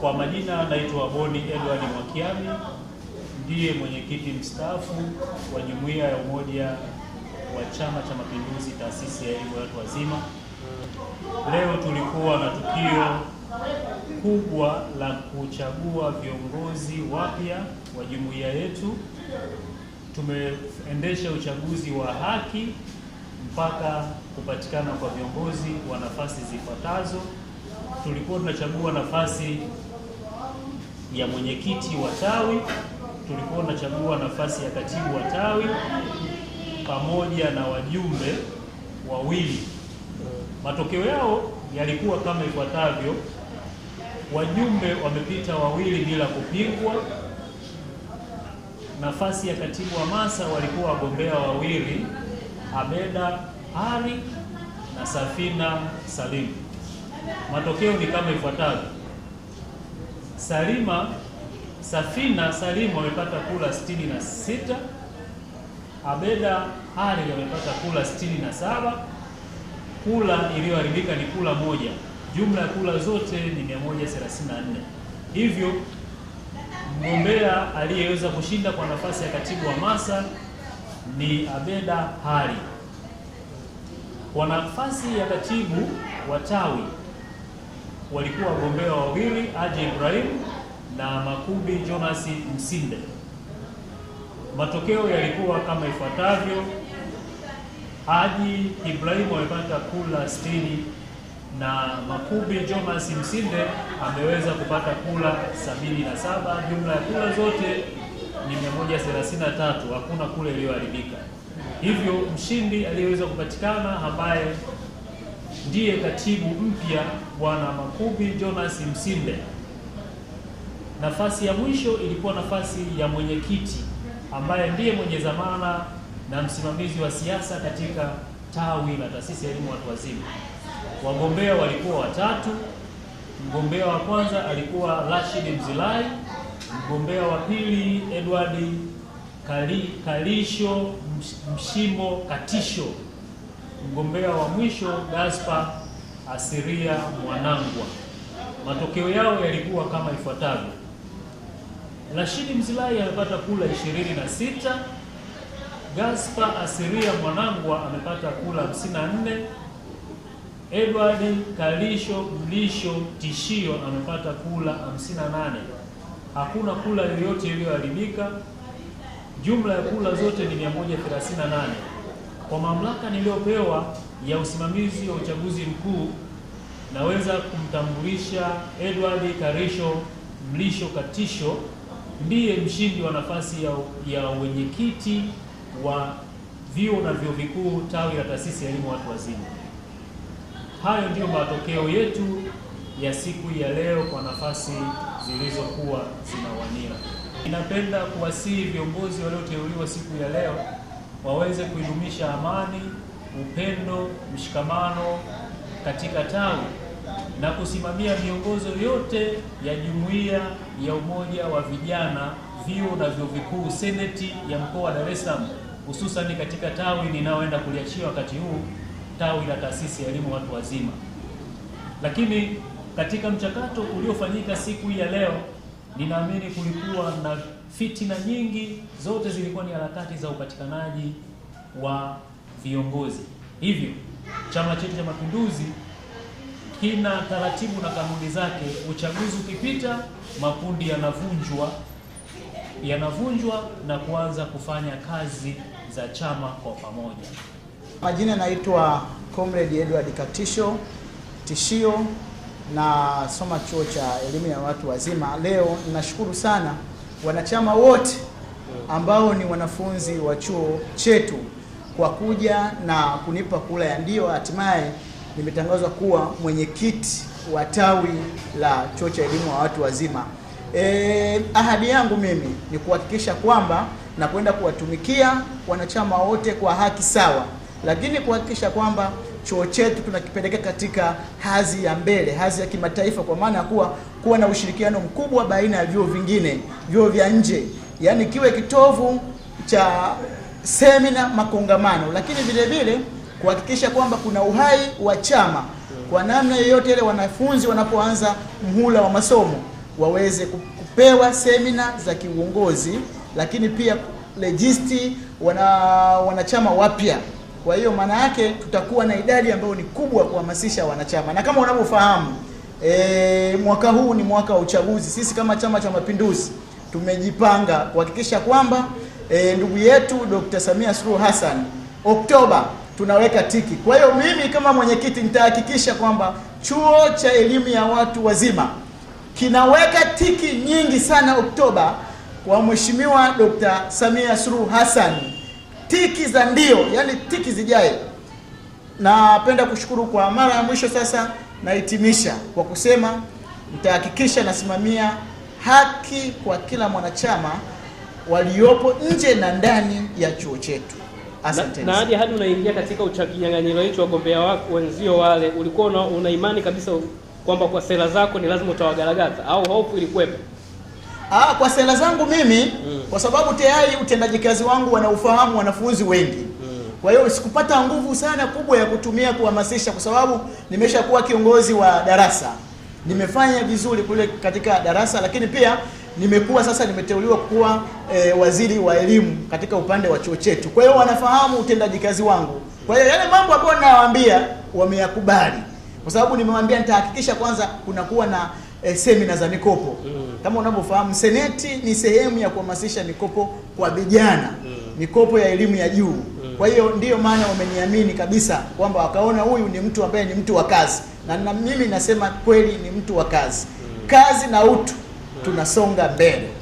Kwa majina naitwa Boni Edward Mwakiami, ndiye mwenyekiti mstaafu wa Jumuiya ya Umoja wa Chama cha Mapinduzi, taasisi ya elimu ya watu wazima. Leo tulikuwa na tukio kubwa la kuchagua viongozi wapya wa jumuiya yetu. Tumeendesha uchaguzi wa haki mpaka kupatikana kwa viongozi wa nafasi zifuatazo. Tulikuwa tunachagua nafasi ya mwenyekiti wa tawi, tulikuwa tunachagua nafasi ya katibu wa tawi pamoja na wajumbe wawili. Matokeo yao yalikuwa kama ifuatavyo: wajumbe wamepita wawili bila kupingwa. Nafasi ya katibu wa masa walikuwa wagombea wawili, Abeda Ali na Safina Salim. Matokeo ni kama ifuatavyo: Salima Safina Salimu wamepata kula sitini na sita. Abeda Ali wamepata kula sitini na saba. Kula iliyoharibika ni kula moja. Jumla ya kula zote ni 134. Hivyo mgombea aliyeweza kushinda kwa nafasi ya katibu wa masa ni Abeda Ali. Kwa nafasi ya katibu wa tawi walikuwa wagombea wawili Haji Ibrahim na Makubi Jonas Msinde. Matokeo yalikuwa kama ifuatavyo: Haji Ibrahim amepata kula sitini na Makubi Jonas Msinde ameweza kupata kula sabini na saba. Jumla ya kula zote ni 133, hakuna kula iliyoharibika. Hivyo mshindi aliyeweza kupatikana ambaye ndiye katibu mpya Bwana Makubi Jonas Msimbe. Nafasi ya mwisho ilikuwa nafasi ya mwenyekiti ambaye ndiye mwenye zamana na msimamizi wa siasa katika tawi la taasisi ya elimu watu wazima. Wagombea walikuwa watatu. Mgombea wa kwanza alikuwa Rashid Mzilai, mgombea wa pili Edward Kali, Kalisho Mshimo Katisho mgombea wa mwisho gaspa Asiria Mwanangwa. Matokeo yao yalikuwa kama ifuatavyo: Rashidi Mzilai amepata kula 26, Gaspar Asiria Mwanangwa amepata kula 54, Edward Kalisho Mlisho Tishio amepata kula 58. Hakuna kula yoyote iliyoharibika. Jumla ya kula zote ni 138 kwa mamlaka niliyopewa ya usimamizi wa uchaguzi mkuu naweza kumtambulisha Edward Karisho Mlisho Katisho ndiye mshindi wa nafasi ya, ya wenyekiti wa vyuo na vyuo vikuu tawi la taasisi ya elimu watu wazima. Hayo ndiyo matokeo yetu ya siku ya leo kwa nafasi zilizokuwa zinawania. Ninapenda kuwasihi viongozi walioteuliwa siku ya leo waweze kuidumisha amani, upendo, mshikamano katika tawi na kusimamia miongozo yote ya jumuiya ya umoja wa vijana vyuo na vyuo vikuu seneti ya mkoa wa Dar es Salaam, hususani katika tawi ninaoenda kuliachia wakati huu, tawi la taasisi ya elimu watu wazima. Lakini katika mchakato uliofanyika siku ya leo, ninaamini kulikuwa na Fitina nyingi zote zilikuwa ni harakati za upatikanaji wa viongozi. Hivyo chama chetu cha Mapinduzi kina taratibu na kanuni zake. Uchaguzi ukipita, makundi yanavunjwa, yanavunjwa na kuanza kufanya kazi za chama kwa pamoja. Majina yanaitwa Comrade Edward Katisho Tishio, na soma chuo cha elimu ya watu wazima. Leo ninashukuru sana wanachama wote ambao ni wanafunzi wa chuo chetu kwa kuja na kunipa kura ya ndio. Hatimaye nimetangazwa kuwa mwenyekiti wa tawi la chuo cha elimu wa watu wazima. E, ahadi yangu mimi ni kuhakikisha kwamba nakwenda kuwatumikia wanachama wote kwa haki sawa, lakini kuhakikisha kwamba chuo chetu tunakipeleka katika hadhi ya mbele, hadhi ya kimataifa, kwa maana ya kuwa kuwa na ushirikiano mkubwa baina ya vyuo vingine, vyuo vya nje, yaani kiwe kitovu cha semina, makongamano, lakini vile vile kuhakikisha kwamba kuna uhai wa chama kwa namna yoyote ile, wanafunzi wanapoanza mhula wa masomo waweze kupewa semina za kiuongozi, lakini pia rejisti wana wanachama wapya kwa hiyo maana yake tutakuwa na idadi ambayo ni kubwa kuhamasisha wanachama, na kama unavyofahamu e, mwaka huu ni mwaka wa uchaguzi. Sisi kama Chama cha Mapinduzi tumejipanga kuhakikisha kwamba e, ndugu yetu Dr. Samia Suluhu Hassan Oktoba tunaweka tiki. Kwa hiyo mimi kama mwenyekiti nitahakikisha kwamba chuo cha elimu ya watu wazima kinaweka tiki nyingi sana Oktoba kwa Mheshimiwa Dr. Samia Suluhu Hassan tiki za ndio, yani tiki zijaye. Napenda kushukuru kwa mara ya mwisho sasa, nahitimisha kwa kusema nitahakikisha nasimamia haki kwa kila mwanachama waliopo nje na ndani ya chuo chetu. Asante. Na hadi hadi unaingia katika uchaguzi hicho, wagombea wako wenzio wale, ulikuwa una imani kabisa kwamba kwa sera zako ni lazima utawagaragaza au hofu ilikuwepo? Ah, kwa sera zangu mimi mm. kwa sababu tayari utendaji kazi wangu wanaufahamu wanafunzi wengi mm. kwa hiyo sikupata nguvu sana kubwa ya kutumia kuhamasisha, kwa sababu nimeshakuwa kiongozi wa darasa, nimefanya vizuri kule katika darasa, lakini pia nimekuwa sasa nimeteuliwa kuwa e, waziri wa elimu katika upande wa chuo chetu. Kwa hiyo wanafahamu utendaji kazi wangu, kwa hiyo yale mambo ambayo ninawaambia wameyakubali, kwa sababu nimewaambia nitahakikisha kwanza kunakuwa na e, eh, semina za mikopo mm. Kama unavyofahamu seneti ni sehemu ya kuhamasisha mikopo kwa vijana mm. Mikopo ya elimu ya juu mm. Kwa hiyo ndiyo maana wameniamini kabisa kwamba wakaona huyu ni mtu ambaye ni mtu wa kazi na, na mimi nasema kweli ni mtu wa kazi mm. Kazi na utu mm. tunasonga mbele.